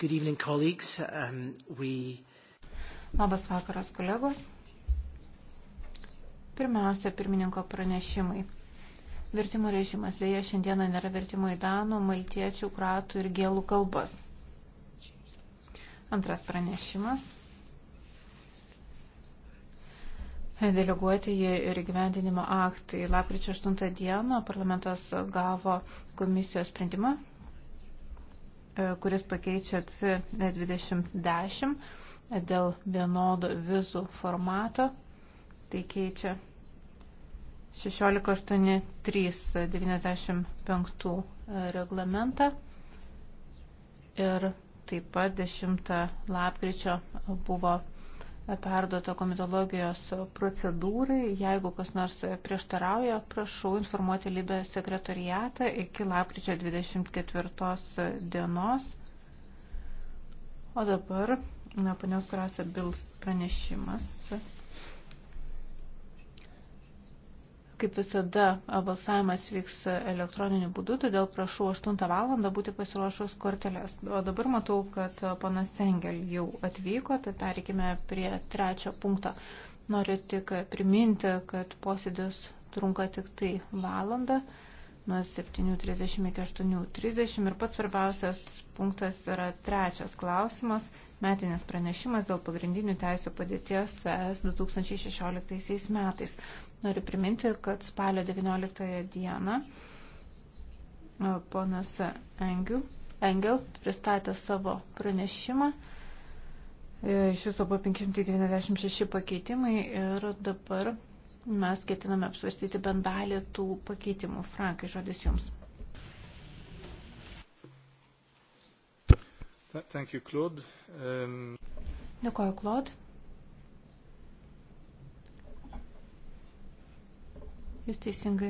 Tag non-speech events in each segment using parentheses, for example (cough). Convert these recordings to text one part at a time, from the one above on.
Good evening, colleagues. Um, we... Labas vakaras, kolegos. Pirmiausia, pirmininko pranešimai. Vertimo režimas dėja šiandieną nėra vertimo į danų, maltiečių, kratų ir gėlų kalbas. Antras pranešimas. Deleguoti jį ir gyvendinimo aktai. Lapkričio 8 dieną parlamentas gavo komisijos sprendimą E, kuris pakeičia C2010 e dėl vienodo vizų formato. Tai keičia 1683-95 reglamentą ir taip pat 10 lapkričio buvo perduota komitologijos procedūrai. Jeigu kas nors prieštarauja, prašau informuoti Libę sekretariatą iki lapkričio 24 dienos. O dabar, na, panios Krasė Bils pranešimas. Kaip visada, balsavimas vyks elektroniniu būdu, todėl prašau 8 valandą būti pasiruošus kortelės. O dabar matau, kad panas Engel jau atvyko, tad perikime prie trečio punkto. Noriu tik priminti, kad posėdis trunka tik tai valandą nuo 7.30 iki 8.30 ir pats svarbiausias punktas yra trečias klausimas - metinės pranešimas dėl pagrindinių teisų padėties ES 2016 metais. Noriu priminti, kad spalio 19 dieną e, ponas Engiu, Engel pristatė savo pranešimą. E, iš viso buvo 596 pakeitimai ir dabar mes ketiname apsvarstyti bendalį tų pakeitimų. Frankai, žodis jums. Thank you, Claude. Um... Dėkuoju, Claude. Jūs teisingai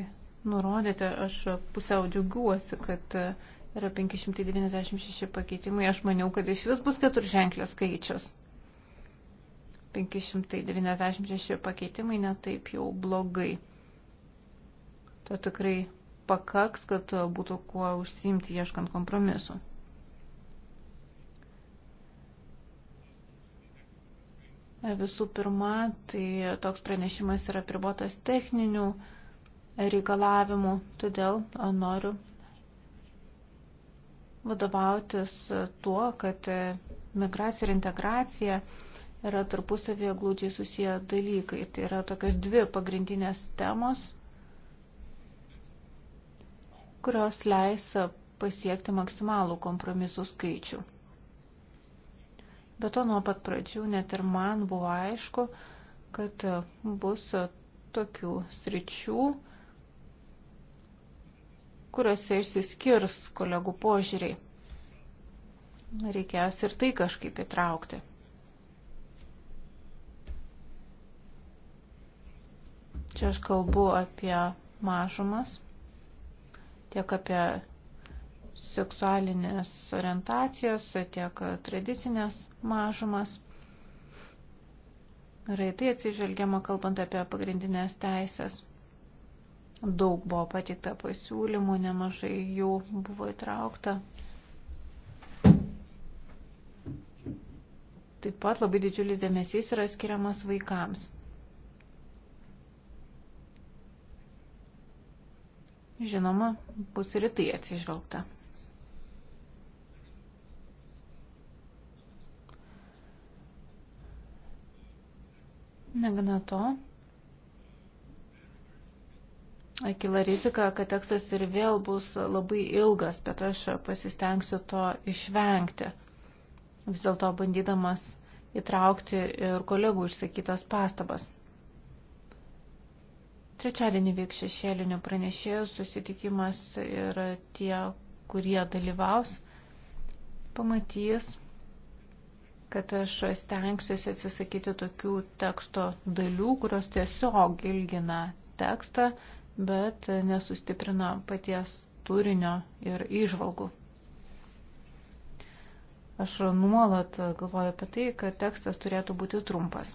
nurodėte, aš pusiau džiaugiuosi, kad yra 596 pakeitimai. Aš maniau, kad iš vis bus keturženklės skaičius. 596 pakeitimai netaip jau blogai. To tikrai pakaks, kad būtų kuo užsimti ieškant kompromisu. Visų pirma, tai toks pranešimas yra pribotas techninių reikalavimų, todėl noriu vadovautis tuo, kad e, migracija ir integracija yra tarpusavėje glūdžiai susiję dalykai. Tai yra tokios dvi pagrindinės temos, kurios leis pasiekti maksimalų kompromisų skaičių. Bet to nuo pat pradžių net ir man buvo aišku, kad bus tokių sričių, kuriuose išsiskirs kolegų požiūriai. Reikės ir tai kažkaip įtraukti. Čia aš kalbu apie mažumas, tiek apie seksualinės orientacijos, tiek tradicinės mažumas. Ir į tai atsižvelgiama kalbant apie pagrindinės teisės. Daug buvo patikta pasiūlymų, nemažai jų buvo įtraukta. Taip pat labai didžiulis dėmesys yra skiriamas vaikams. Žinoma, bus ir tai atsižvelgta. Negana to, kila rizika, kad tekstas ir vėl bus labai ilgas, bet aš pasistengsiu to išvengti, vis dėlto bandydamas įtraukti ir kolegų išsakytas pastabas. Trečiadienį vyks šešėlinių pranešėjų susitikimas ir tie, kurie dalyvaus, pamatys, kad aš stengsiuosi atsisakyti tokių teksto dalių, kurios tiesiog ilgina tekstą bet nesustiprina paties turinio ir išvalgų. Aš nuolat galvoju apie tai, kad tekstas turėtų būti trumpas.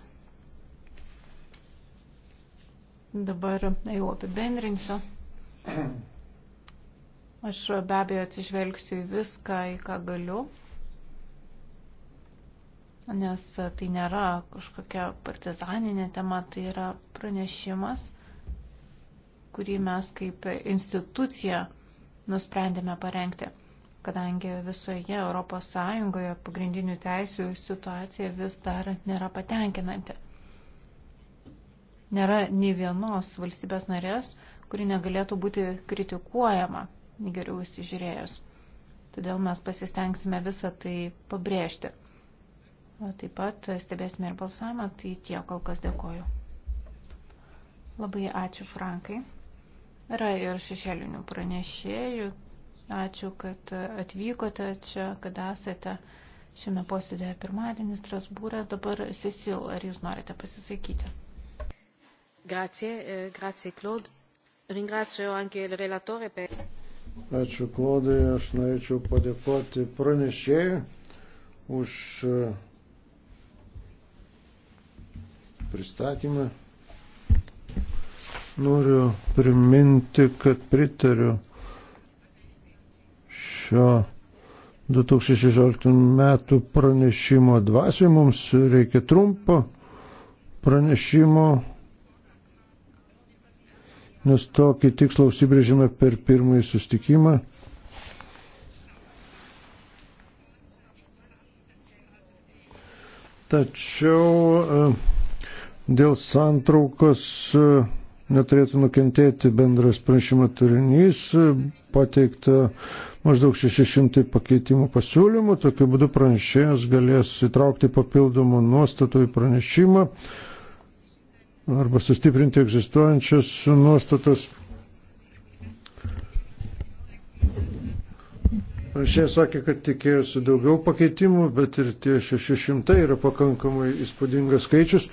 Dabar jau apibendrinsiu. Aš be abejo atsižvelgsiu į viską, į ką galiu, nes tai nėra kažkokia partizaninė tema, tai yra pranešimas, kurį mes kaip institucija nusprendėme parengti, kadangi visoje ES pagrindinių teisių situacija vis dar nėra patenkinanti. Nėra nei vienos valstybės narės, kuri negalėtų būti kritikuojama, geriau įsižiūrėjus. Todėl mes pasistengsime visą tai pabrėžti. O taip pat stebėsime ir balsavimą, tai tiek kol kas dėkoju. Labai ačiū Frankai. Yra ir šešėlinių pranešėjų. Ačiū, kad atvykote čia, kad esate šiame posėdėje pirmadienį Strasbūrė. Dabar Cecil, ar jūs norite pasisakyti? Grazie, eh, grazie Claude. Ringrazio anche il relatore per. Ačiū Klaudai, aš norėčiau padėkoti pranešėjai už eh, pristatymą Noriu priminti, kad pritariu šio 2016 metų pranešimo dvasiai. Mums reikia trumpo pranešimo, nes tokį tikslą užsibrėžėme per pirmąjį sustikimą. Tačiau e, dėl santraukos e, neturėtų nukentėti bendras pranešimo turinys, pateikta maždaug 600 pakeitimų pasiūlymų, tokiu būdu pranešėjas galės įtraukti papildomų nuostatų į pranešimą arba sustiprinti egzistuojančias nuostatas. Šiandien sakė, kad tikėjosi daugiau pakeitimų, bet ir tie 600 yra pakankamai įspūdingas skaičius.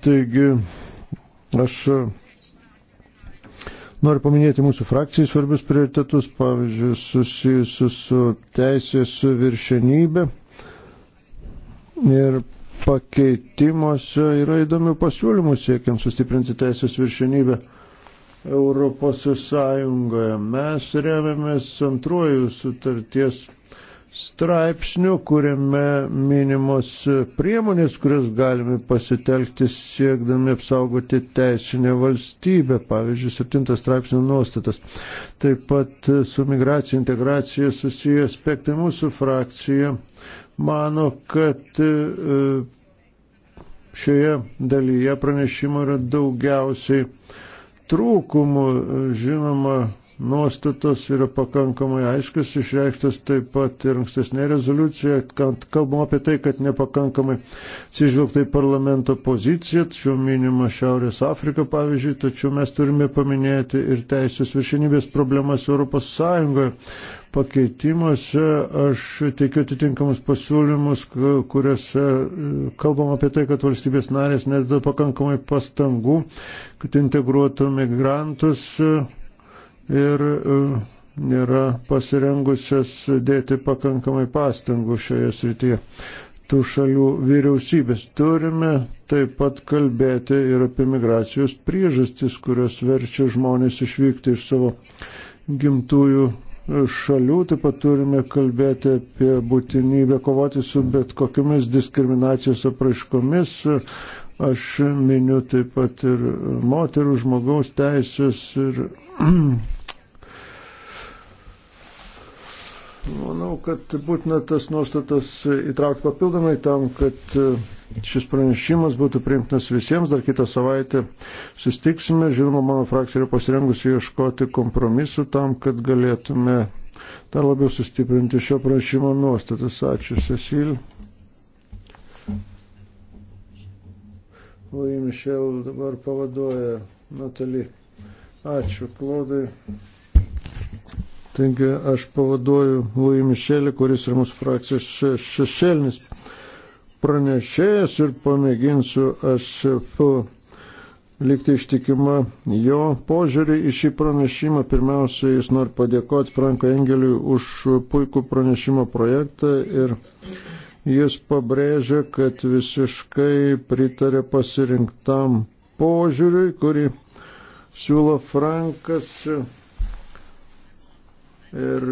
Taigi, aš e, noriu paminėti mūsų frakcijai svarbius prioritetus, pavyzdžiui, susijusius su teisės viršenybė. Ir pakeitimuose yra įdomių pasiūlymų siekiant sustiprinti teisės viršenybę. Europos Sąjungoje mes remiamės antruoju sutarties straipsniu, kuriame minimos priemonės, kurias galime pasitelkti siekdami apsaugoti teisinę valstybę, pavyzdžiui, 7 straipsnio nuostatas. Taip pat su migracija integracija susiję aspektai mūsų frakcija mano, kad e, šioje dalyje pranešimo yra daugiausiai trūkumų, žinoma, nuostatos yra pakankamai aiškus, išreikštas taip pat ir ankstesnė rezoliucija, kad kalbam apie tai, kad nepakankamai atsižvelgta į parlamento poziciją, tačiau minima Šiaurės Afrika pavyzdžiui, tačiau mes turime paminėti ir teisės viršinybės problemas Europos Sąjungoje. Pakeitimuose aš teikiu atitinkamus pasiūlymus, kuriuose e, kalbam apie tai, kad valstybės narės nededa pakankamai pastangų, kad integruotų migrantus e, ir e, nėra pasirengusios dėti pakankamai pastangų šioje srityje. Tų šalių vyriausybės turime taip pat kalbėti ir apie migracijos priežastis, kurios verčia žmonės išvykti iš savo gimtųjų šalių, taip pat turime kalbėti apie būtinybę kovoti su bet kokiamis diskriminacijos apraiškomis. Aš miniu taip pat ir moterų žmogaus teisės ir (clears throat) Manau, kad būtina tas nuostatas įtraukti papildomai tam, kad e, šis pranešimas būtų priimtinas visiems. Dar kitą savaitę sustiksime. Žinoma, mano frakcija yra pasirengusi ieškoti kompromisų tam, kad galėtume dar labiau sustiprinti šio pranešimo nuostatas. Ačiū, Cecil. Louis Michel dabar pavaduoja Natalį. Ačiū, Klodai. Taigi aš pavaduoju Lui Mišelį, kuris yra mūsų frakcijos šešėlinis pranešėjas ir pamėginsiu aš likti ištikima jo požiūrį į šį pranešimą. Pirmiausia, jis nori padėkoti Franko Engeliui už puikų pranešimo projektą ir jis pabrėžia, kad visiškai pritarė pasirinktam požiūriui, kurį siūlo Frankas Ir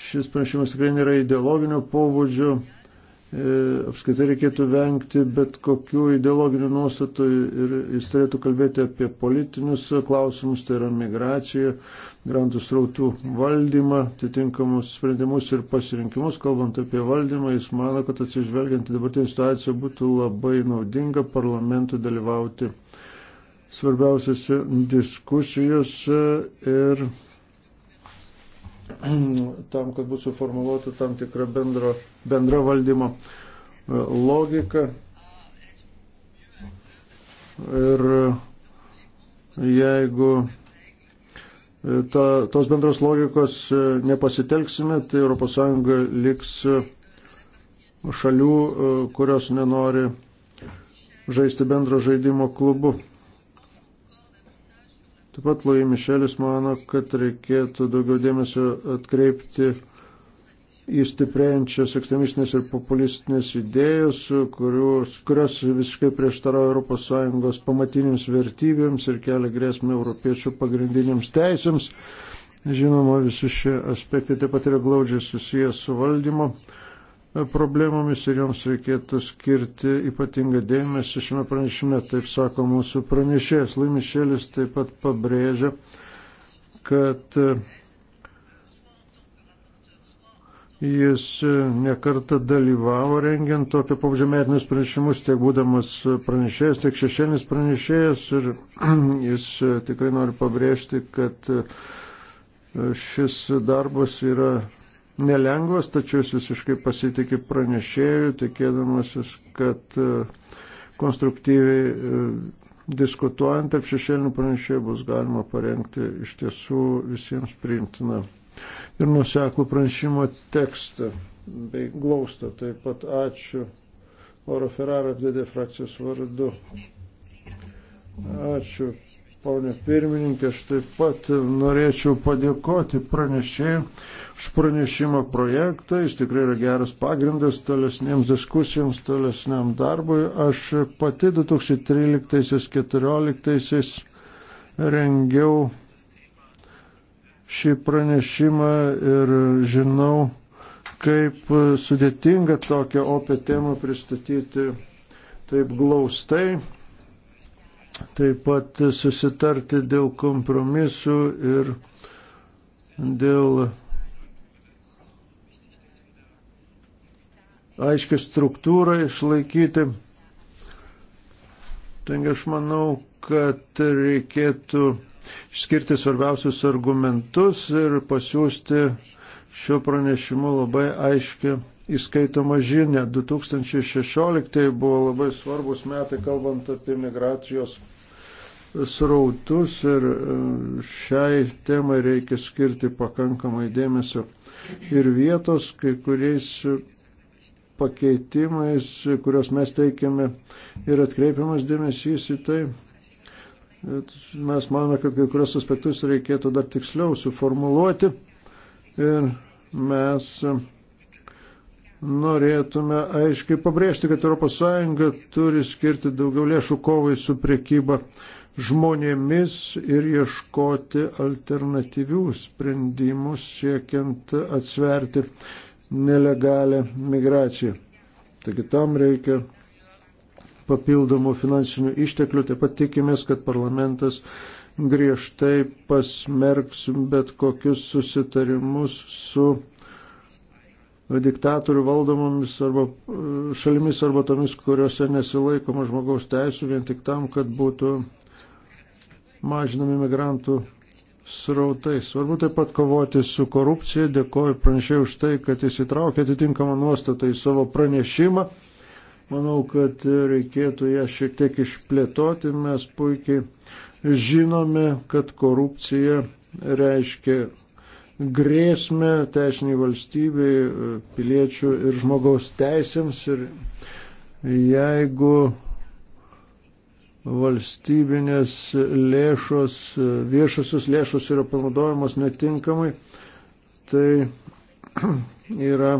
šis pranešimas tikrai nėra ideologinio pobūdžio. E, Apskaitai reikėtų vengti bet kokių ideologinių nuostatų ir jis turėtų kalbėti apie politinius klausimus, tai yra migraciją, grantų srautų valdymą, atitinkamus sprendimus ir pasirinkimus. Kalbant apie valdymą, jis mano, kad atsižvelgiant į dabartinę situaciją būtų labai naudinga parlamentui dalyvauti svarbiausiose diskusijose ir tam, kad būtų suformuoluota tam tikra bendro, bendra valdymo logika. Ir jeigu ta, tos bendros logikos nepasitelksime, tai ES liks šalių, kurios nenori žaisti bendro žaidimo klubu. Taip pat Lui Mišelis mano, kad reikėtų daugiau dėmesio atkreipti į stiprėjančias ekstremistinės ir populistinės idėjas, kurios, kurios visiškai prieštarauja ES pamatinėms vertybėms ir kelia grėsmę europiečių pagrindiniams teisėms. Žinoma, visi šie aspektai taip pat yra glaudžiai susijęs su valdymo problemomis ir joms reikėtų skirti ypatingą dėmesį šiame pranešime, taip sako mūsų pranešėjas. Laimišėlis taip pat pabrėžia, kad e, jis e, nekarta dalyvavo rengiant tokio pabžemėtinius pranešimus, tiek būdamas pranešėjas, tiek šešėlis pranešėjas ir (clears throat) jis e, tikrai nori pabrėžti, kad šis darbas yra nelengvas, tačiau jis visiškai pasitikė pranešėjų, tikėdamasis, kad e, konstruktyviai e, diskutuojant tarp šešėlinių pranešėjų bus galima parengti iš tiesų visiems priimtiną ir nuseklų pranešimo tekstą bei glaustą. Taip pat ačiū Oro Ferrara FDD frakcijos vardu. Ačiū, ponė pirmininkė, aš taip pat norėčiau padėkoti pranešėjų šį pranešimo projektą, jis tikrai yra geras pagrindas tolesniems diskusijoms, tolesniam darbui. Aš pati 2013-2014 rengiau šį pranešimą ir žinau, kaip sudėtinga tokią opę temą pristatyti taip glaustai, taip pat susitarti dėl kompromisų ir dėl aiškį struktūrą išlaikyti. Taigi aš manau, kad reikėtų išskirti svarbiausius argumentus ir pasiūsti šiuo pranešimu labai aiškį įskaitoma žinia. 2016 buvo labai svarbus metai, kalbant apie migracijos srautus ir e, šiai temai reikia skirti pakankamai dėmesio. Ir vietos kai kuriais pakeitimais, kuriuos mes teikiame ir atkreipiamas dėmesys į tai. Mes manome, kad kai kurios aspektus reikėtų dar tiksliau suformuluoti ir mes norėtume aiškiai pabrėžti, kad ES turi skirti daugiau lėšų kovai su priekyba žmonėmis ir ieškoti alternatyvių sprendimų siekiant atsverti nelegalę migraciją. Taigi tam reikia papildomų finansinių išteklių, taip pat tikimės, kad parlamentas griežtai pasmerks bet kokius susitarimus su diktatorių valdomomis arba e, šalimis arba tomis, kuriuose nesilaikoma žmogaus teisų vien tik tam, kad būtų mažinami migrantų srautais. Svarbu taip pat kovoti su korupcija. Dėkoju pranešėjai už tai, kad jis įtraukė atitinkamą nuostatą į savo pranešimą. Manau, kad reikėtų ją šiek tiek išplėtoti. Mes puikiai žinome, kad korupcija reiškia grėsmę teisiniai valstybei, piliečių ir žmogaus teisėms. Ir jeigu valstybinės lėšos, viešosios lėšos yra panaudojamos netinkamai, tai (clears throat) yra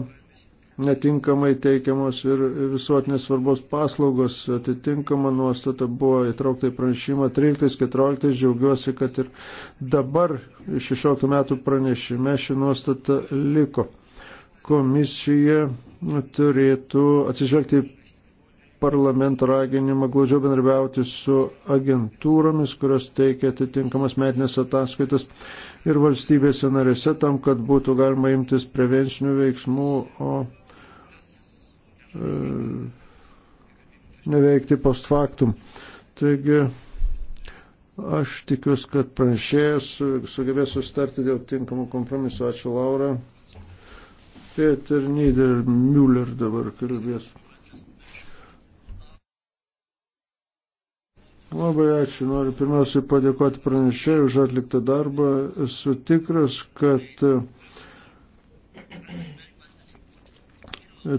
netinkamai teikiamos ir visuotinės svarbos paslaugos. Atitinkama nuostata buvo įtraukta į pranešimą 13-14, džiaugiuosi, kad ir dabar 16 metų pranešime ši nuostata liko. Komisija turėtų atsižvelgti parlamento raginimą glaudžiau bendrabiauti su agentūromis, kurios teikia atitinkamas metinės ataskaitas ir valstybėse narėse tam, kad būtų galima imtis prevencinių veiksmų, o e, neveikti post factum. Taigi aš tikiuosi, kad pranešėjas sugebės sustarti dėl tinkamų kompromisų. Ačiū Laura. Peter Nieder Müller dabar kalbės. Labai ačiū. Noriu pirmiausiai padėkoti pranešėjai už atliktą darbą. Esu tikras, kad e,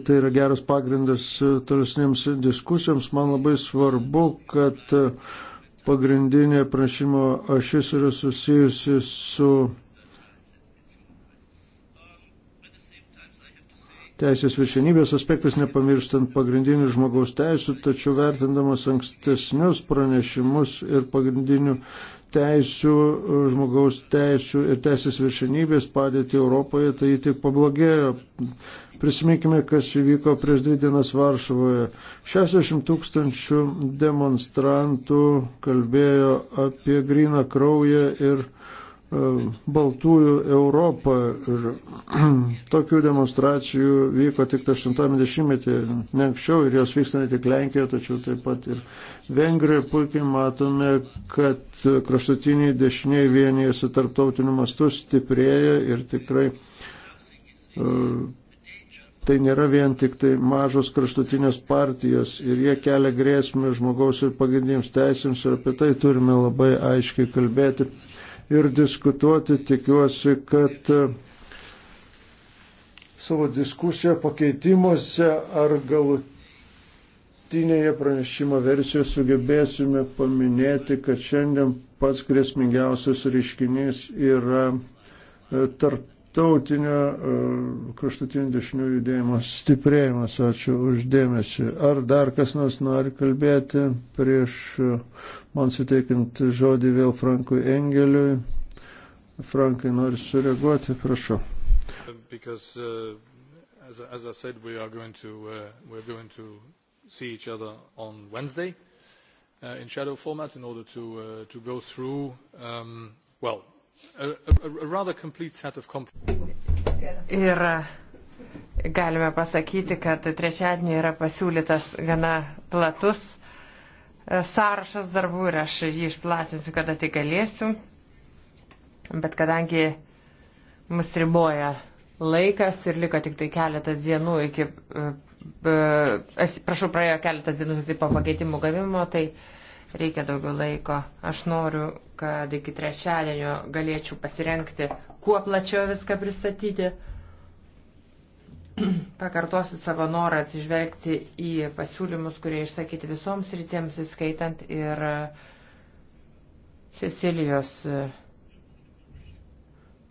tai yra geras pagrindas e, tolesnėms diskusijoms. Man labai svarbu, kad e, pagrindinė pranešimo ašis yra susijusi su teisės viršenybės aspektas, nepamirštant pagrindinių žmogaus teisų, tačiau vertindamas ankstesnius pranešimus ir pagrindinių teisų, žmogaus teisų ir teisės viršenybės padėti Europoje, tai tik pablogėjo. Prisiminkime, kas įvyko prieš dvi dienas Varšuvoje. 60 tūkstančių demonstrantų kalbėjo apie gryną kraują ir Baltųjų Europą. Ir (clears throat) tokių demonstracijų vyko tik 80-metį, ne anksčiau, ir jos vyksta ne tik Lenkijoje, tačiau taip pat ir Vengrijoje puikiai matome, kad kraštutiniai dešiniai vienijasi tarptautiniu mastu stiprėja ir tikrai e, tai nėra vien tik tai mažos kraštutinės partijos ir jie kelia grėsmę žmogaus ir pagrindiniams teisėms ir apie tai turime labai aiškiai kalbėti ir diskutuoti. Tikiuosi, kad e, savo diskusiją pakeitimuose ar galutinėje pranešimo versijoje sugebėsime paminėti, kad šiandien pats grėsmingiausias reiškinys yra e, tarp tautinio e, kraštutinių dešinių judėjimo stiprėjimas. Ačiū uždėmesi. Ar dar kas nors nori kalbėti prieš e, man suteikiant žodį vėl Frankui Engeliui? Frankai nori sureaguoti, prašau. Because, uh, as, as I said, we are going to, uh, we're going to see each other on Wednesday uh, in shadow format in order to, uh, to go through, um, well, Ir galime pasakyti, kad trečiadienį yra pasiūlytas gana platus e, sąrašas darbų ir aš jį išplatinsiu, kada tik galėsiu. Bet kadangi mus riboja laikas ir liko tik tai keletas dienų iki, e, e, aš prašau, praėjo keletas dienų tik tai po pakeitimų gavimo, tai uh, reikia daugiau laiko. Aš noriu, kad iki trečiadienio galėčiau pasirenkti, kuo plačiau viską pristatyti. (clears throat) Pakartosiu savo norą atsižvelgti į pasiūlymus, kurie išsakyti visoms rytėms, įskaitant ir Cecilijos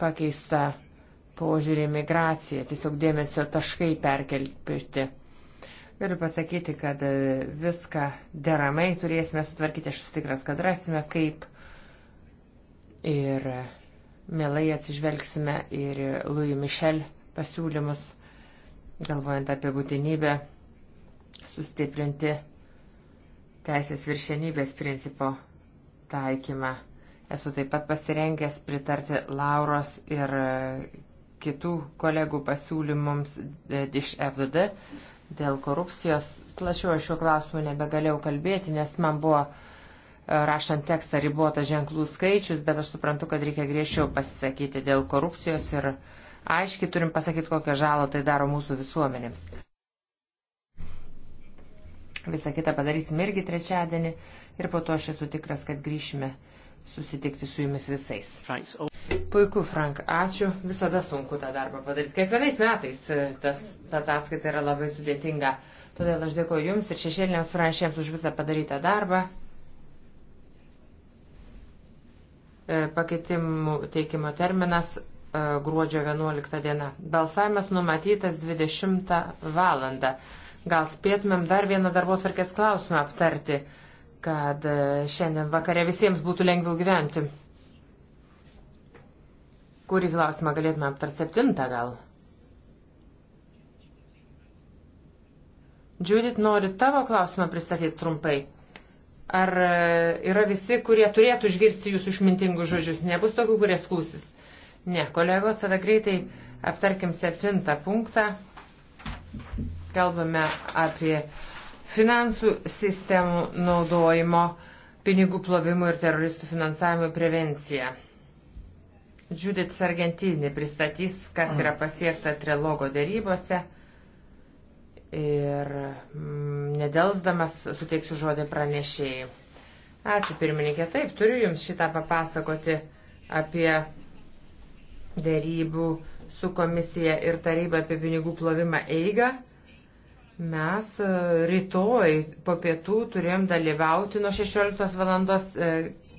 pakeista požiūrį migraciją, tiesiog dėmesio taškai perkelti. Galiu pasakyti, kad e, viską deramai turėsime sutvarkyti, aš sutikras, kad rasime kaip. Ir e, mielai atsižvelgsime ir Louis Michel pasiūlymus, galvojant apie būtinybę sustiprinti teisės viršenybės principo taikymą. Esu taip pat pasirengęs pritarti Lauros ir e, kitų kolegų pasiūlymams iš FDD dėl korupcijos. Plačiau aš šiuo klausimu nebegalėjau kalbėti, nes man buvo e, rašant tekstą ribotas ženklų skaičius, bet aš suprantu, kad reikia griežčiau pasisakyti dėl korupcijos ir aiškiai turim pasakyti, kokią žalą tai daro mūsų visuomenėms. Visą kitą padarysim irgi trečiadienį ir po to aš esu tikras, kad grįšime susitikti su jumis visais. Puiku, Frank, ačiū. Visada sunku tą darbą padaryti. Kiekvienais metais e, tas ataskaita yra labai sudėtinga. Todėl aš dėkoju Jums ir šešėliniams pranešėjams už visą padarytą darbą. E, pakeitimų teikimo terminas e, gruodžio 11 diena. Balsavimas numatytas 20 valandą. Gal spėtumėm dar vieną darbo tvarkės klausimą aptarti, kad šiandien vakare visiems būtų lengviau gyventi. Kurį klausimą galėtume aptart septintą gal? Judith, nori tavo klausimą pristatyti trumpai. Ar e, yra visi, kurie turėtų išgirsti jūsų išmintingus žodžius? Nebus tokių, kurie skūsis. Ne, kolegos, tada greitai aptarkim septintą punktą. Kalbame apie finansų sistemų naudojimo, pinigų plovimų ir teroristų finansavimo prevenciją. Judith Sargentinį pristatys, kas yra pasiekta trilogo dėrybose. Ir mm, nedelsdamas suteiksiu žodį pranešėjai. Ačiū pirmininkė, taip, turiu Jums šitą papasakoti apie dėrybų su komisija ir taryba apie pinigų plovimą eigą. Mes e, rytoj po pietų turėjom dalyvauti nuo 16 valandos e,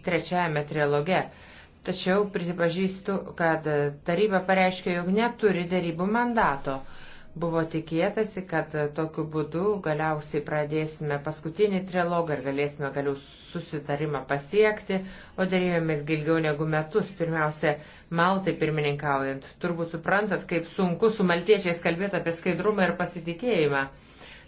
trečiajame triloge. Tačiau prisipažįstu, kad taryba pareiškė, jog neturi darybų mandato. Buvo tikėtasi, kad tokiu būdu galiausiai pradėsime paskutinį trilogą ir galėsime galiau susitarimą pasiekti, o darėjomės gilgiau negu metus. Pirmiausia, Maltai pirmininkaujant. Turbūt suprantat, kaip sunku su maltiečiais kalbėti apie skaidrumą ir pasitikėjimą.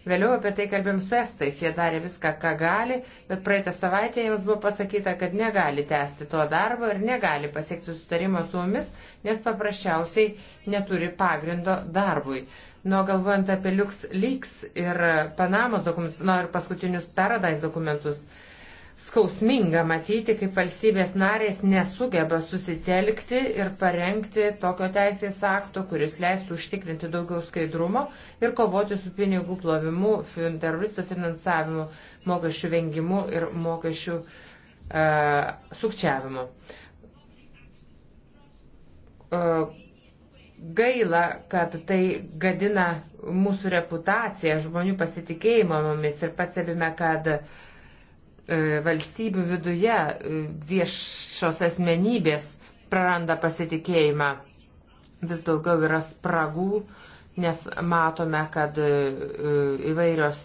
Vėliau apie tai kalbėjom su estais, jie darė viską, ką gali, bet praeitą savaitę jiems buvo pasakyta, kad negali tęsti to darbo ir negali pasiekti sutarimo su mumis, nes paprasčiausiai neturi pagrindo darbui. Nuo galvojant apie LuxLeaks ir Panamos dokumentus, na ir paskutinius Paradise dokumentus, uh, skausminga matyti, kaip valstybės narės nesugeba susitelkti ir parengti tokio teisės akto, kuris leistų užtikrinti daugiau skaidrumo ir kovoti su pinigų plovimu, teroristų finansavimu, mokesčių vengimu ir mokesčių uh, sukčiavimu. Uh, gaila, kad tai gadina mūsų reputaciją, žmonių pasitikėjimo mumis ir pastebime, kad uh, E, valstybių viduje e, viešos asmenybės praranda pasitikėjimą. Vis daugiau yra spragų, nes matome, kad e, įvairios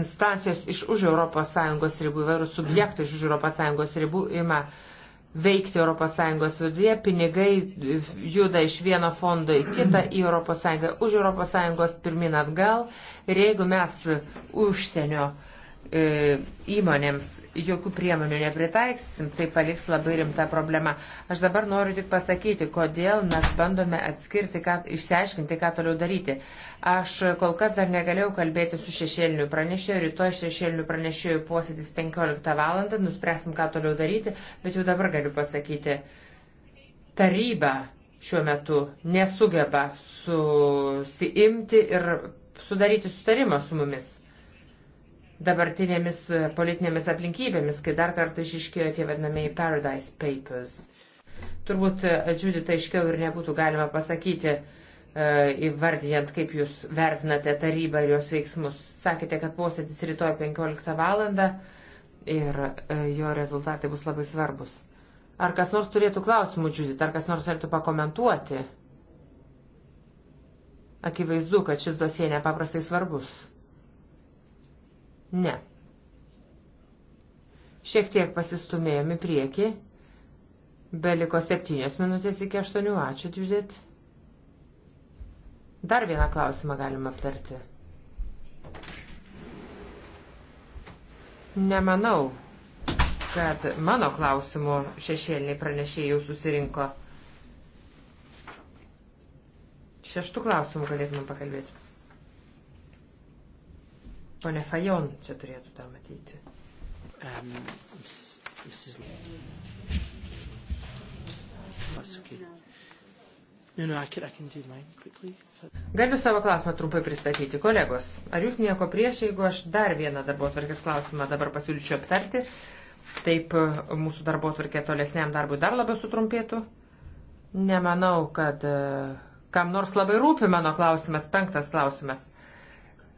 instancijos iš už ES ribų, įvairūs subjektai iš už ES ribų ima veikti ES viduje, pinigai juda iš vieno fondo į kitą, į ES, už ES pirmin atgal. Ir jeigu mes užsienio uh, E, įmonėms jokių priemonių nepritaiksim, tai paliks labai rimta problema. Aš dabar noriu tik pasakyti, kodėl mes bandome atskirti, ką, išsiaiškinti, ką toliau daryti. Aš kol kas dar negalėjau kalbėti su šešėliniu pranešėju, rytoj šešėliniu pranešėju posėdis 15 val. nuspręsim, ką toliau daryti, bet jau dabar galiu pasakyti. Taryba šiuo metu nesugeba susiimti ir sudaryti sutarimą su mumis dabartinėmis politinėmis aplinkybėmis, kai dar kartą išiškėjo tie vadinamieji Paradise Papers. Turbūt Džudita e, aiškiau ir nebūtų galima pasakyti, e, įvardijant, kaip jūs vertinate tarybą ir jos veiksmus. Sakėte, kad posėdis rytoj 15 val. ir e, jo rezultatai bus labai svarbus. Ar kas nors turėtų klausimų, Džudit, ar kas nors norėtų pakomentuoti? Akivaizdu, kad šis dosie nepaprastai svarbus. Ne. Šiek tiek pasistumėjome prieki. Beliko septynios minutės iki aštuonių. Ačiū, Džudit. Dar vieną klausimą galime aptarti. Nemanau, kad mano klausimų šešėliniai pranešėjai jau susirinko. Šeštų klausimų galėtume pakalbėti. Pone Fajon čia turėtų tą matyti. Um, Mrs. That's okay. No, no, I can, I can do mine quickly. Galiu savo klausimą trumpai pristatyti, kolegos. Ar jūs nieko prieš, jeigu aš dar vieną darbo atvarkės klausimą dabar pasiūlyčiau aptarti? Taip mūsų darbo atvarkė tolesniam darbui dar labiau sutrumpėtų? Nemanau, kad e, kam nors labai rūpi mano klausimas, penktas klausimas.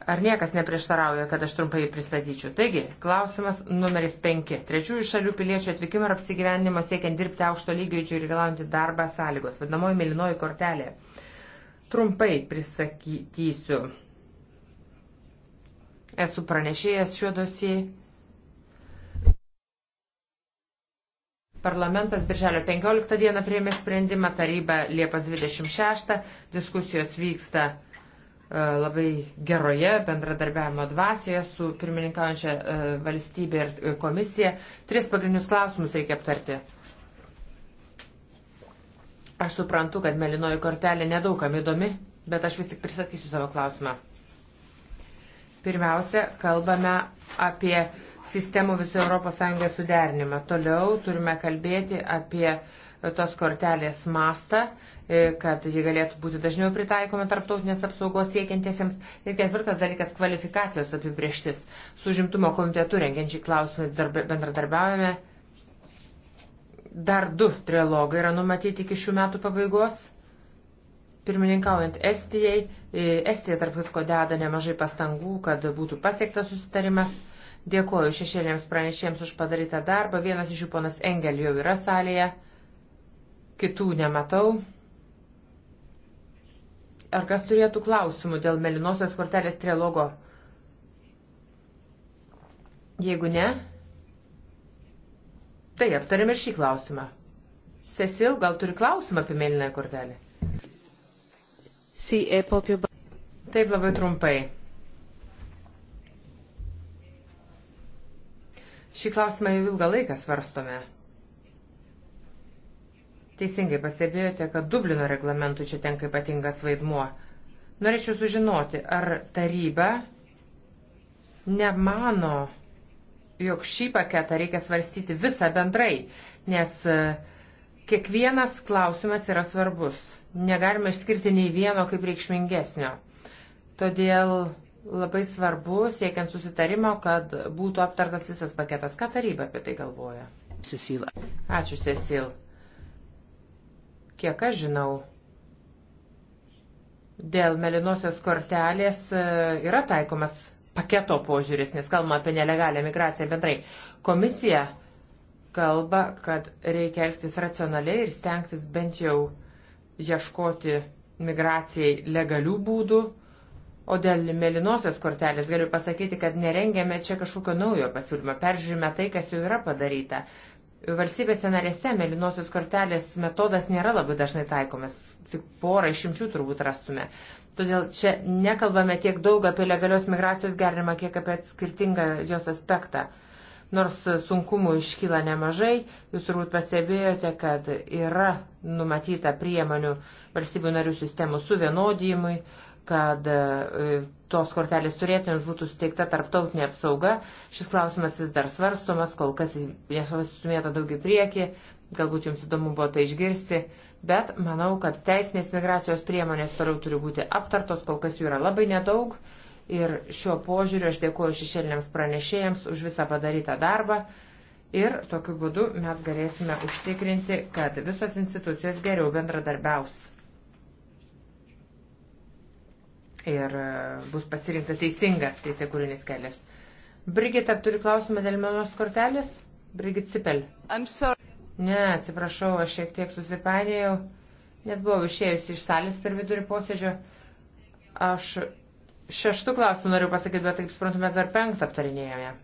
Ar niekas neprieštarauja, kad aš trumpai jį pristatyčiau? Taigi, klausimas numeris 5. Trečiųjų šalių piliečių atvykimo ir apsigyvenimo siekiant dirbti aukšto lygio ir reikalaujantį darbą sąlygos, vadinamoji mėlynoji kortelė. Trumpai prisakysiu. Esu pranešėjęs šiuo dosijai. Parlamentas birželio 15 dieną priėmė sprendimą, taryba Liepas 26, diskusijos vyksta E, labai geroje bendradarbiavimo dvasioje su pirmininkaujančia e, valstybė ir e, komisija. Tris pagrindinius klausimus reikia aptarti. Aš suprantu, kad melinoji kortelė nedaugam įdomi, bet aš vis tik pristatysiu savo klausimą. Pirmiausia, kalbame apie sistemų visoje ES suderinimą. Toliau turime kalbėti apie tos kortelės mastą, e, kad ji galėtų būti dažniau pritaikoma tarptautinės apsaugos siekiantiesiems. Ir ketvirtas dalykas - kvalifikacijos apibrieštis. Su žimtumo komitetu rengiančiai klausimai bendradarbiavame. Dar du trilogai yra numatyti iki šių metų pabaigos. Pirmininkaujant Estijai, e, Estija tarp kitko deda nemažai pastangų, kad būtų pasiektas susitarimas Dėkuoju šešėlėms pranešėjams už padarytą darbą. Vienas iš jų ponas Engel jau yra salėje, kitų nematau. Ar kas turėtų klausimų dėl melinosios kortelės trilogo? Jeigu ne, tai aptarėm ir šį klausimą. Cecil, gal turi klausimą apie mėlynąją kortelę? Taip, labai trumpai. Šį klausimą jau ilgą laiką svarstome. Teisingai pastebėjote, kad Dublino reglamentų čia tenka ypatingas vaidmuo. Norėčiau sužinoti, ar taryba nemano, jog šį paketą reikia svarstyti visą bendrai, nes e, kiekvienas klausimas yra svarbus. Negalime išskirti nei vieno kaip reikšmingesnio. Todėl labai svarbu, siekiant susitarimo, kad būtų aptartas visas paketas. Ką taryba apie tai galvoja? Cecil. Ačiū, Cecil. Kiek aš žinau, dėl melinosios kortelės e, yra taikomas paketo požiūris, nes kalbama apie nelegalią migraciją bendrai. Komisija kalba, kad reikia elgtis racionaliai ir stengtis bent jau ieškoti migracijai legalių būdų O dėl mėlynosios kortelės galiu pasakyti, kad nerengėme čia kažkokio naujo pasiūlymo, peržiūrime tai, kas jau yra padaryta. Valstybėse narėse mėlynosios kortelės metodas nėra labai dažnai taikomas, tik porą išimčių turbūt rastume. Todėl čia nekalbame tiek daug apie legalios migracijos gerinimą, kiek apie skirtingą jos aspektą. Nors sunkumų iškyla nemažai, jūs turbūt pastebėjote, kad yra numatyta priemonių valstybių narių sistemų suvienodijimui, uh, kad e, tos kortelės turėtojams būtų suteikta tarptautinė apsauga. Šis klausimas vis dar svarstomas, kol kas nesumėta daug į priekį, galbūt jums įdomu buvo tai išgirsti, bet manau, kad teisinės migracijos priemonės toliau turi būti aptartos, kol kas jų yra labai nedaug. Ir šiuo požiūriu aš dėkuoju šešėliniams pranešėjams už visą padarytą darbą. Ir tokiu būdu mes galėsime užtikrinti, kad visos institucijos geriau bendradarbiaus. ir e, bus pasirinktas teisingas teisėkūrinis kelias. Brigita, ar turi klausimą dėl mamos kortelės? Brigit Sipel. Ne, atsiprašau, aš šiek tiek susipainėjau, nes buvau išėjusi iš salės per vidurį posėdžio. Aš šeštų klausimų noriu pasakyti, bet taip suprantu, mes dar penktą aptarinėjome.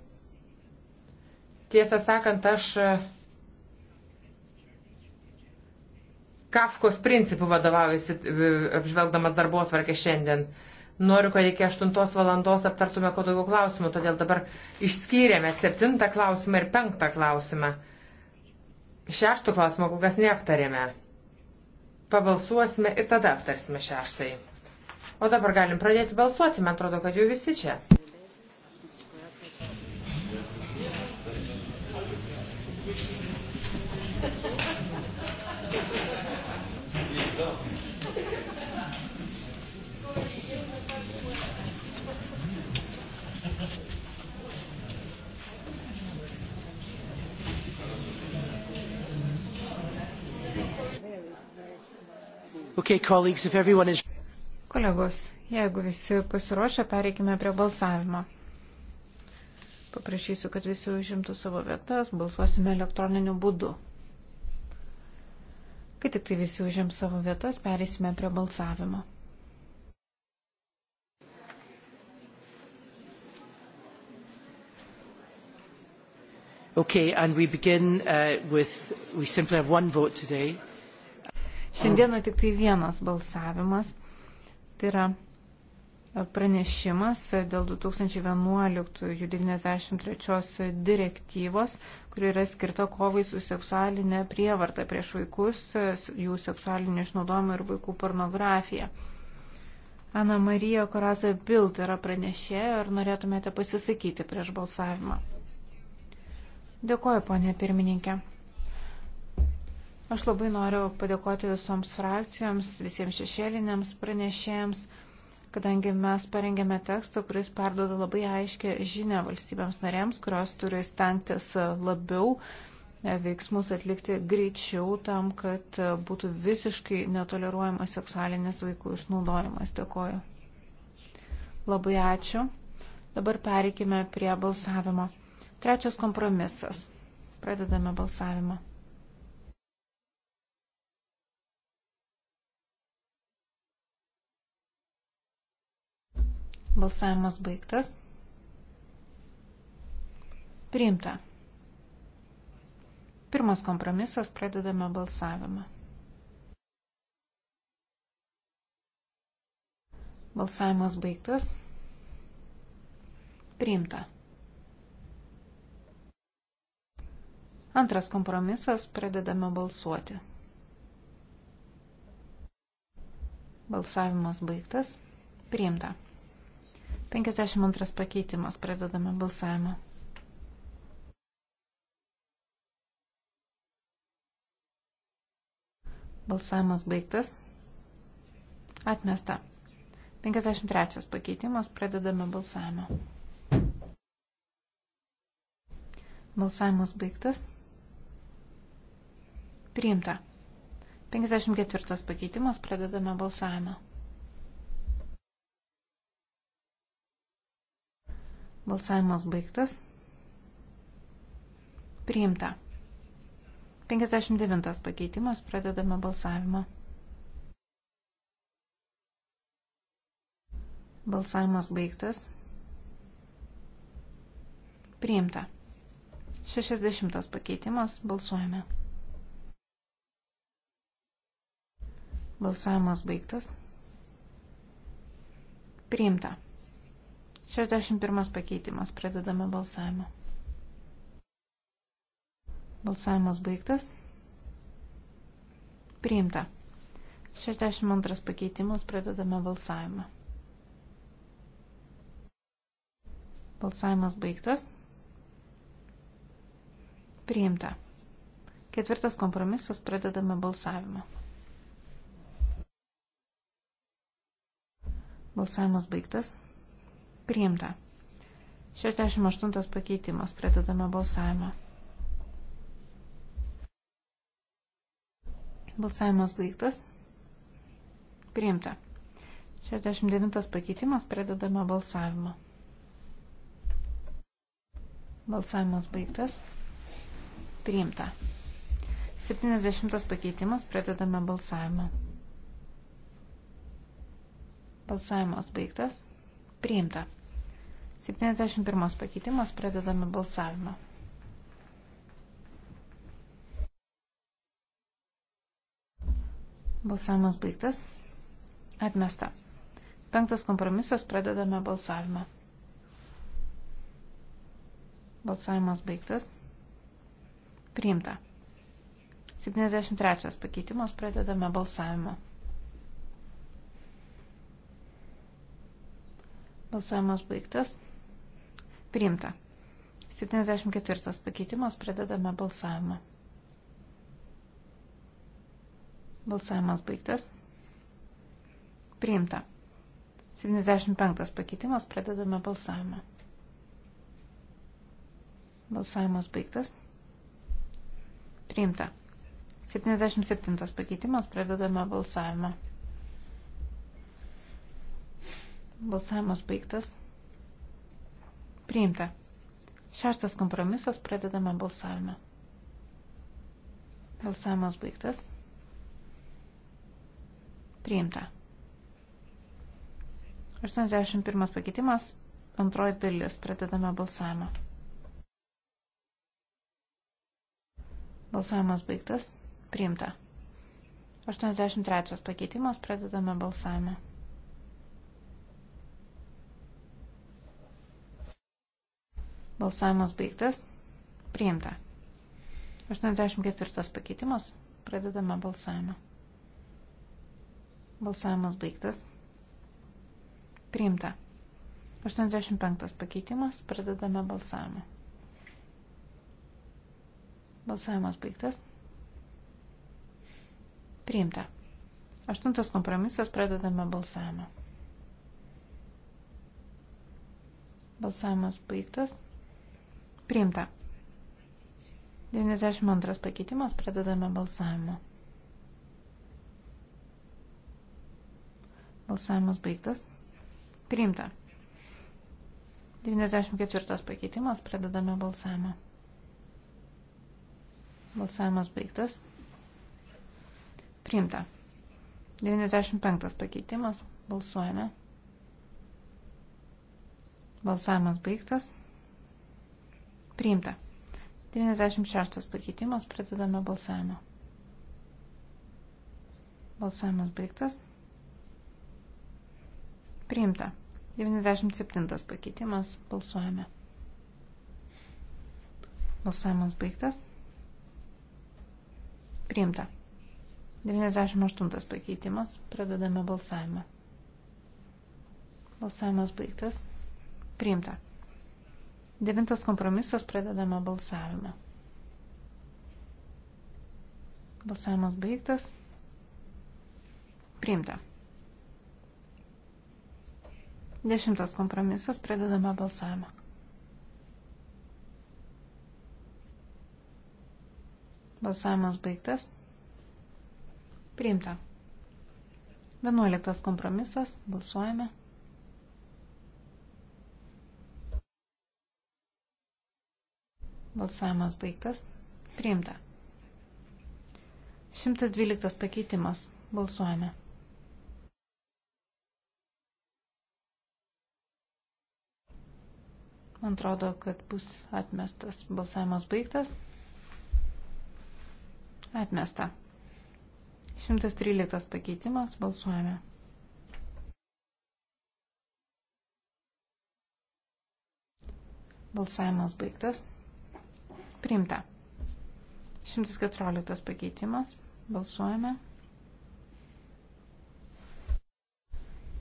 Tiesą sakant, aš Kafkos principų vadovaujasi e, apžvelgdamas darbo atvarkę šiandien. Noriu, kad iki 8 valandos aptartume kuo daugiau klausimų, todėl dabar išskyrėme 7 klausimą ir 5 klausimą. 6 klausimą kol kas neaptarėme. Pabalsuosime ir tada aptarsime 6. O dabar galim pradėti balsuoti, man atrodo, kad jau visi čia. Thank you. Okay, colleagues, if everyone is... Kolegos, jeigu visi pasiruošę, pereikime prie balsavimo. Paprašysiu, kad visi užimtų savo vietas, balsuosime elektroniniu būdu. Kai tik tai visi užims savo vietas, perėsime prie balsavimo. Okay, and we begin uh, with, we simply have one vote today. Šiandieną tik tai vienas balsavimas. Tai yra pranešimas dėl 2011-93 direktyvos, kuri yra skirta kovai su seksualinė prievarta prieš vaikus, jų seksualinio išnaudojimo ir vaikų pornografija. Ana Marija Koraza Bilt yra pranešėja ir norėtumėte pasisakyti prieš balsavimą. Dėkuoju, ponė pirmininkė. Aš labai noriu padėkoti visoms frakcijoms, visiems šešėliniams pranešėjams, kadangi mes parengėme tekstą, kuris perdoda labai aiškę žinę valstybėms narėms, kurios turi stengtis labiau veiksmus atlikti greičiau tam, kad būtų visiškai netoleruojamas seksualinis vaikų išnaudojimas. Dėkoju. Labai ačiū. Dabar pereikime prie balsavimo. Trečias kompromisas. Pradedame balsavimą. Balsavimas baigtas. Priimta. Pirmas kompromisas pradedame balsavimą. Balsavimas baigtas. Priimta. Antras kompromisas pradedame balsuoti. Balsavimas baigtas. Priimta. 52 pakeitimas. Pradedame balsavimą. Balsavimas baigtas. Atmesta. 53 pakeitimas. Pradedame balsavimą. Balsavimas baigtas. Priimta. 54 pakeitimas. Pradedame balsavimą. Balsavimas baigtas. Priimta. 59 pakeitimas. Pradedame balsavimą. Balsavimas baigtas. Priimta. 60 pakeitimas. Balsuojame. Balsavimas baigtas. Priimta. 61 pakeitimas. Pradedame balsavimą. Balsavimas baigtas. Priimta. 62 pakeitimas. Pradedame balsavimą. Balsavimas baigtas. Priimta. Ketvirtas kompromisas. Pradedame balsavimą. Balsavimas baigtas. Priimta. 68 pakeitimas. Pradedame balsavimą. Balsavimas baigtas. Priimta. 69 pakeitimas. Pradedame balsavimą. Balsavimas baigtas. Priimta. 70 pakeitimas. Pradedame balsavimą. Balsavimas baigtas. Priimta. 71 pakeitimas, pradedame balsavimą. Balsavimas baigtas. Atmesta. Penktas kompromisas, pradedame balsavimą. Balsavimas baigtas. Priimta. 73 pakeitimas, pradedame balsavimą. Balsavimas baigtas. Priimta. 74 pakeitimas. Pradedame balsavimą. Balsavimas baigtas. Priimta. 75 pakeitimas. Pradedame balsavimą. Balsavimas baigtas. Priimta. 77 pakeitimas. Pradedame balsavimą. Balsavimas baigtas. Priimta. Šeštas kompromisas, pradedame balsavimą. Balsavimas baigtas. Priimta. 81 pakeitimas, antroji dalis, pradedame balsavimą. Balsavimas baigtas. Priimta. 83 pakeitimas, pradedame balsavimą. Balsavimas baigtas. Priimta. 84 pakeitimas. Pradedame balsavimą. Balsavimas baigtas. Priimta. 85 pakeitimas. Pradedame balsavimą. Balsavimas baigtas. Priimta. Aštuntas kompromisas. Pradedame balsavimą. Balsavimas baigtas. Priimta. 92 pakeitimas, pradedame balsavimą. Balsavimas baigtas. Priimta. 94 pakeitimas, pradedame balsavimą. Balsavimas baigtas. Priimta. 95 pakeitimas, balsuojame. Balsavimas baigtas. Priimta. 96 pakeitimas, pradedame balsavimą. Balsavimas baigtas. Priimta. 97 pakeitimas, balsuojame. Balsavimas baigtas. Priimta. 98 pakeitimas, pradedame balsavimą. Balsavimas baigtas. Priimta. Devintas kompromisas pradedame balsavimą. Balsavimas baigtas. Priimta. Dešimtas kompromisas pradedame balsavimą. Balsavimas baigtas. Priimta. Vienuoliktas kompromisas. Balsuojame. Balsavimas baigtas. Priimta. 112 pakeitimas. Balsuojame. Man atrodo, kad bus atmestas. Balsavimas baigtas. Atmesta. 113 pakeitimas. Balsuojame. Balsavimas baigtas. Priimta. 114 pakeitimas. Balsuojame.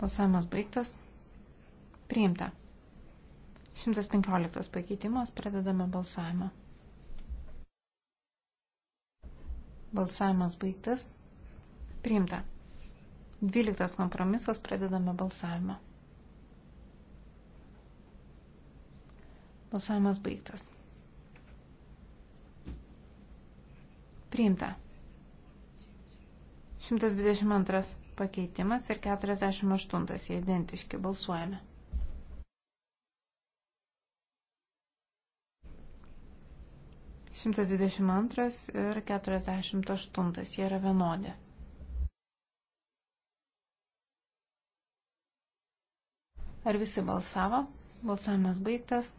Balsavimas baigtas. Priimta. 115 pakeitimas. Pradedame balsavimą. Balsavimas baigtas. Priimta. 12 kompromisas. Pradedame balsavimą. Balsavimas baigtas. Priimta. 122 pakeitimas ir 48 jie identiški. Balsuojame. Šimtas dvidešimt antras ir keturiasdešimt aštuntas, jie yra vienodi. Ar visi balsavo? Balsavimas baigtas.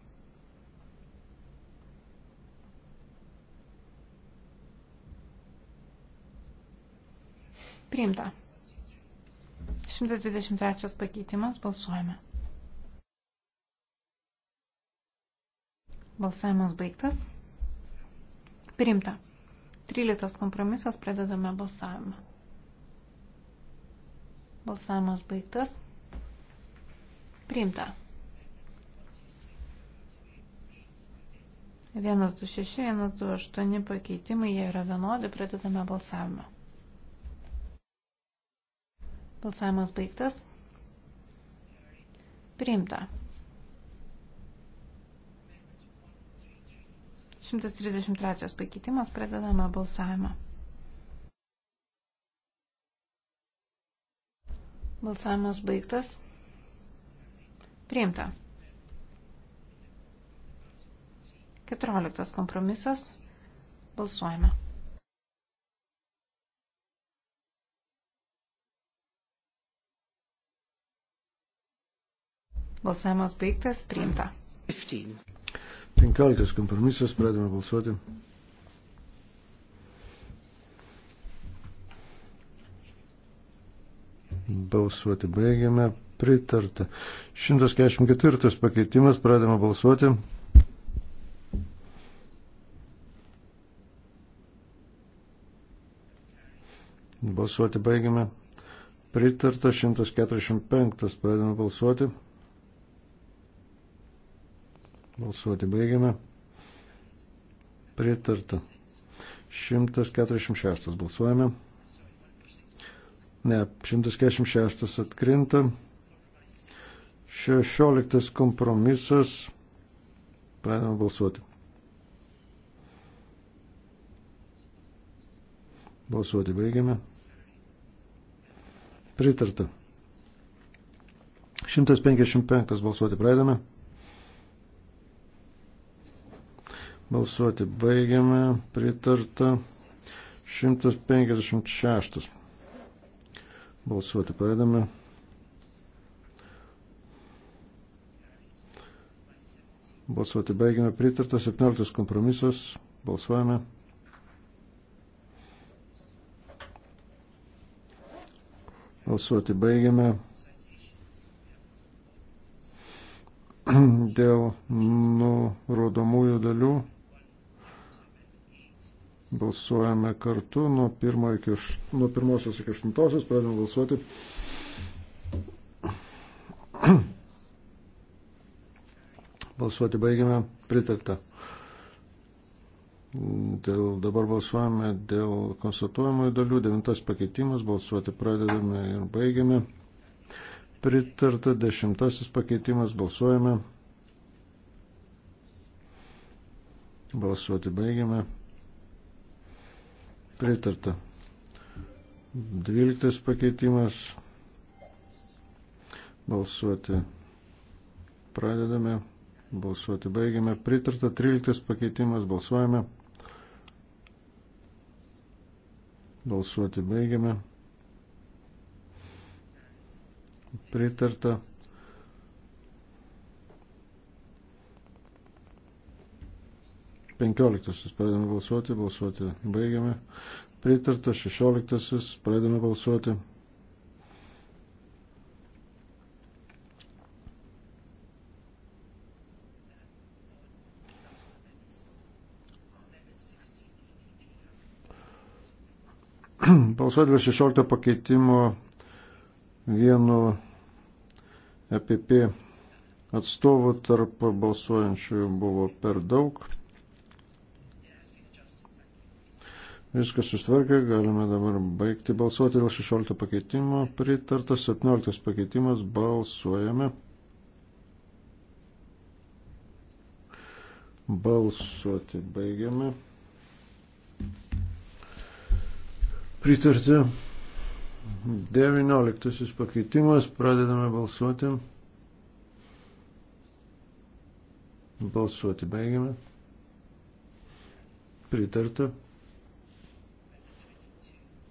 Priimta. 123 pakeitimas. Balsuojame. Balsavimas baigtas. Priimta. 13 kompromisas. Pradedame balsavimą. Balsavimas baigtas. Priimta. 126, 128 pakeitimai, jie yra vienodi, pradedame balsavimą. Balsavimas baigtas. Priimta. 133 pakeitimas pradedame balsavimą. Balsavimas baigtas. Priimta. 14 kompromisas. Balsuojame. Balsavimas baigtas, priimta. 15. 15 kompromisas, pradame balsuoti. Balsuoti baigiame, pritarta. 144 pakeitimas, pradame balsuoti. Balsuoti baigiame. Pritarta 145. Pradedame balsuoti. Balsuoti baigiame. Pritarta. 146 balsuojame. Ne, 146 atkrinta. 16 kompromisas. Pradėjome balsuoti. Balsuoti baigiame. Pritarta. 155 balsuoti pradedame. Balsuoti baigiame. Pritarta. 156. Balsuoti pradame. Balsuoti baigiame. Pritarta. 17 kompromisas. Balsuojame. Balsuoti baigiame. (clears throat) Dėl nurodomųjų dalių Balsuojame kartu nuo, pirmo iki, nuo pirmosios iki aštuntosios, pradėjome balsuoti. (clears throat) Balsuoti baigiame, pritarta. Dėl, dabar balsuojame dėl konstatuojamųjų dalių, devintas pakeitimas, balsuoti pradedame ir baigiame. Pritarta dešimtasis pakeitimas, balsuojame. Balsuoti baigiame pritarta. Dvyliktas pakeitimas. Balsuoti. Pradedame. Balsuoti baigiame. Pritarta. Tryliktas pakeitimas. Balsuojame. Balsuoti baigiame. Pritarta. 15. Pradedame balsuoti, balsuoti baigiame. Pritarta 16. Pradedame balsuoti. (clears throat) Balsuoti dėl 16 pakeitimo vienu EPP atstovų tarp balsuojančiųjų buvo per daug. Viskas sustvarkė, galime dabar baigti balsuoti dėl 16 pakeitimo. Pritartas 17 pakeitimas, balsuojame. Balsuoti baigiame. Pritartė 19 pakeitimas, pradedame balsuoti. Balsuoti baigiame. Pritarta.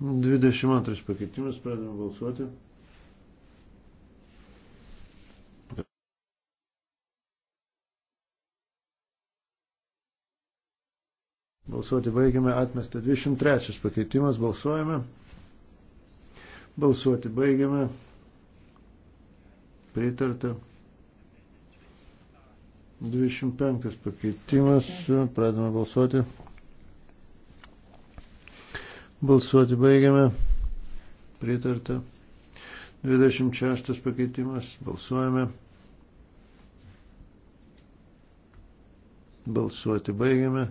22 pakeitimas, pradėjome balsuoti. Balsuoti baigiame, atmesta 23 pakeitimas, balsuojame. Balsuoti baigiame. Pritarta. 25 pakeitimas, pradėjome balsuoti. Balsuoti baigiame. Pritarta. 26 pakeitimas. Balsuojame. Balsuoti baigiame.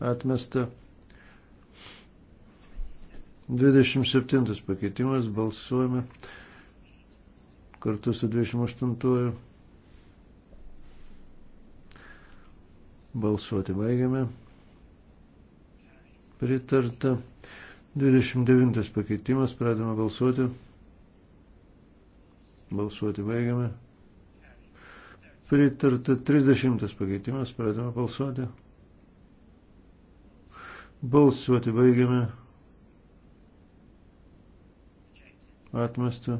Atmesta. 27 pakeitimas. Balsuojame. Kartu su 28. Balsuoti baigiame pritarta. 29 pakeitimas, pradame balsuoti. Balsuoti baigiame. Pritarta 30 pakeitimas, pradame balsuoti. Balsuoti baigiame. Atmesta.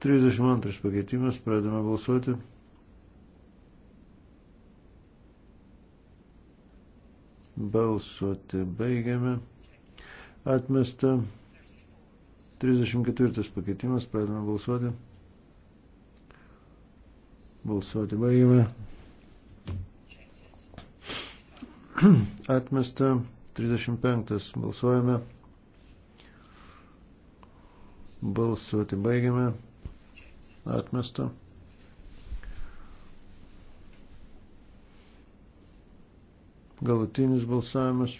32 pakeitimas, pradame balsuoti. Balsuoti baigiame. Atmesta. 34 pakeitimas. Pradame balsuoti. Balsuoti baigiame. Atmesta. 35. Balsuojame. Balsuoti baigiame. Atmesta. galutinis balsavimas.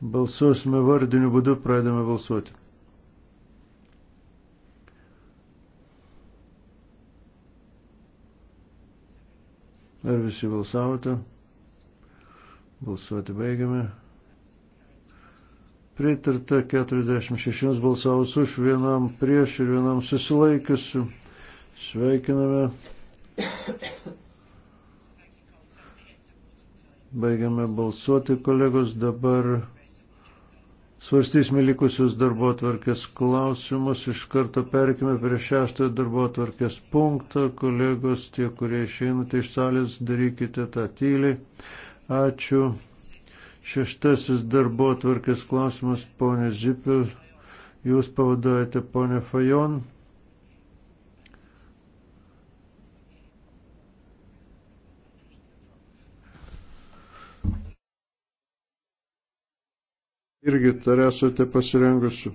Balsuosime vardiniu būdu, pradėme balsuoti. Ar visi balsavote? Balsuoti baigiame. Pritarta 46 balsavus už vienam prieš ir vienam susilaikiusiu. Sveikiname. Baigiame balsuoti, kolegos. Dabar svarstysime likusius darbo atvarkės klausimus. Iš karto perkime prie šeštojo darbo atvarkės punkto. Kolegos, tie, kurie išeinate iš salės, darykite tą tyliai. Ačiū. Šeštasis darbo atvarkės klausimas, ponė Zipil. Jūs pavaduojate ponę Fajon. irgi tar esate pasirengusi.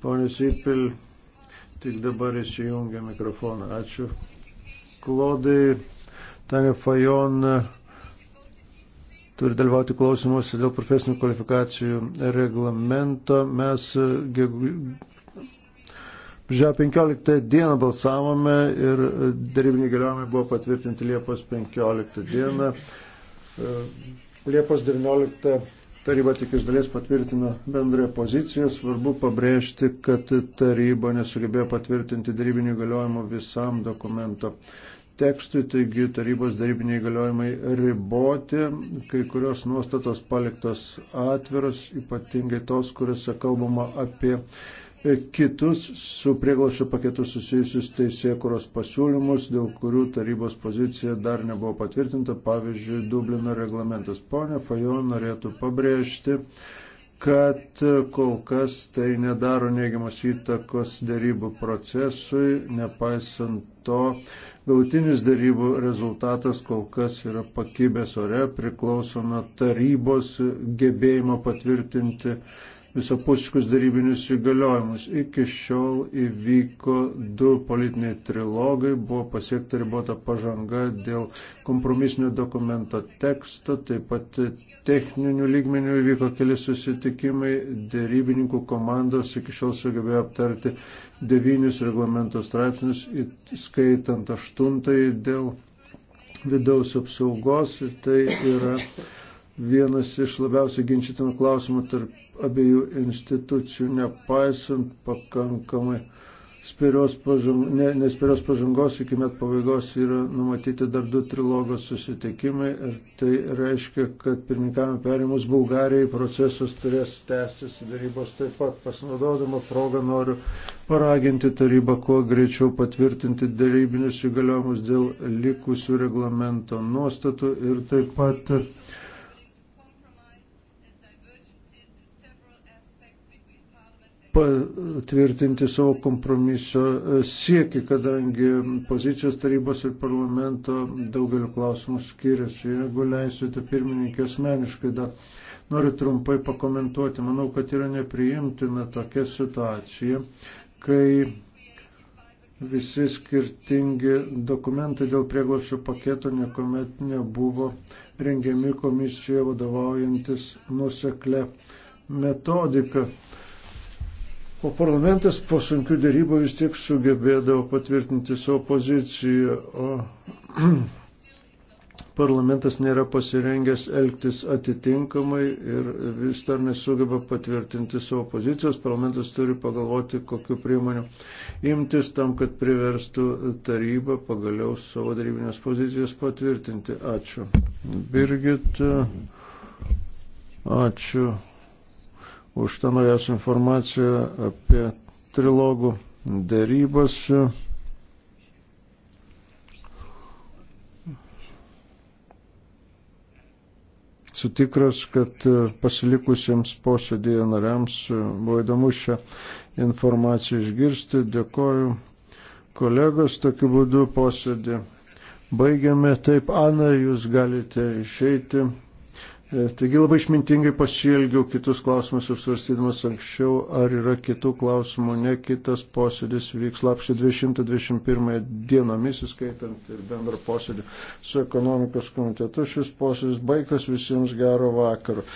Pone Sipil, tik dabar įsijungia mikrofoną. Ačiū. Klodai, Tane Fajon e, turi dalyvauti klausimuose dėl profesinių kvalifikacijų reglamento. Mes e, Žiūrėjau, 15 dieną balsavome ir e, darybiniai galiojimai buvo patvirtinti Liepos 15 dieną. E, Liepos 19 taryba tik iš dalies patvirtino bendrąją poziciją. Svarbu pabrėžti, kad taryba nesugebėjo patvirtinti darybinių galiojimų visam dokumento tekstui, taigi tarybos darybiniai galiojimai riboti, kai kurios nuostatos paliktos atviros, ypatingai tos, kuriuose kalbama apie kitus su prieglašio paketu susijusius teisėkuros pasiūlymus, dėl kurių tarybos pozicija dar nebuvo patvirtinta, pavyzdžiui, Dublino reglamentas. Pone Fajon norėtų pabrėžti, kad kol kas tai nedaro neigiamas įtakos darybų procesui, nepaisant to, gautinis darybų rezultatas kol kas yra pakibęs ore, priklauso nuo tarybos gebėjimo patvirtinti visapusiškus darybinius įgaliojimus. Iki šiol įvyko du politiniai trilogai, buvo pasiekta ribota pažanga dėl kompromisinio dokumento teksto, taip pat techninių lygmenių įvyko keli susitikimai, darybininkų komandos iki šiol sugebėjo aptarti devynius reglamento straipsnius, skaitant aštuntąjį dėl vidaus apsaugos ir tai yra vienas iš labiausiai ginčytinų klausimų tarp abiejų institucijų, nepaisant pakankamai spėrios pažangos, ne, nespėrios pažangos iki met pabaigos yra numatyti dar du trilogos susitikimai ir tai reiškia, kad pirmininkavimą perimus Bulgarijai procesas turės tęstis darybos taip pat. Pasinaudodama progą noriu paraginti tarybą kuo greičiau patvirtinti darybinius įgaliojimus dėl likusių reglamento nuostatų ir taip pat patvirtinti savo kompromiso sieki, kadangi pozicijos tarybos ir parlamento daugeliu klausimų skiriasi. Jeigu leisite pirmininkė asmeniškai dar noriu trumpai pakomentuoti. Manau, kad yra nepriimtina tokia situacija, kai visi skirtingi dokumentai dėl prieglopščio paketo niekuomet nebuvo rengiami komisijoje vadovaujantis nusekle metodika. O parlamentas po sunkių dėrybų vis tiek sugebėdavo patvirtinti savo poziciją, o (clears throat) parlamentas nėra pasirengęs elgtis atitinkamai ir vis dar nesugeba patvirtinti savo pozicijos. Parlamentas turi pagalvoti, kokiu priemoniu imtis tam, kad priverstų tarybą pagaliau savo darybinės pozicijas patvirtinti. Ačiū. Birgit, ačiū už tą naujausią informaciją apie trilogų dėrybas. Sutikras, kad pasilikusiems posėdėje nariams buvo įdomu šią informaciją išgirsti. Dėkoju kolegos, tokiu būdu posėdį baigiame. Taip, Ana, jūs galite išeiti. E, taigi labai išmintingai pasielgiau kitus klausimus ir svarstydamas anksčiau, ar yra kitų klausimų, ne kitas posėdis vyks lapšį 221 dienomis, įskaitant ir bendrą posėdį su ekonomikos komitetu. Šis posėdis baigtas visiems gero vakaro.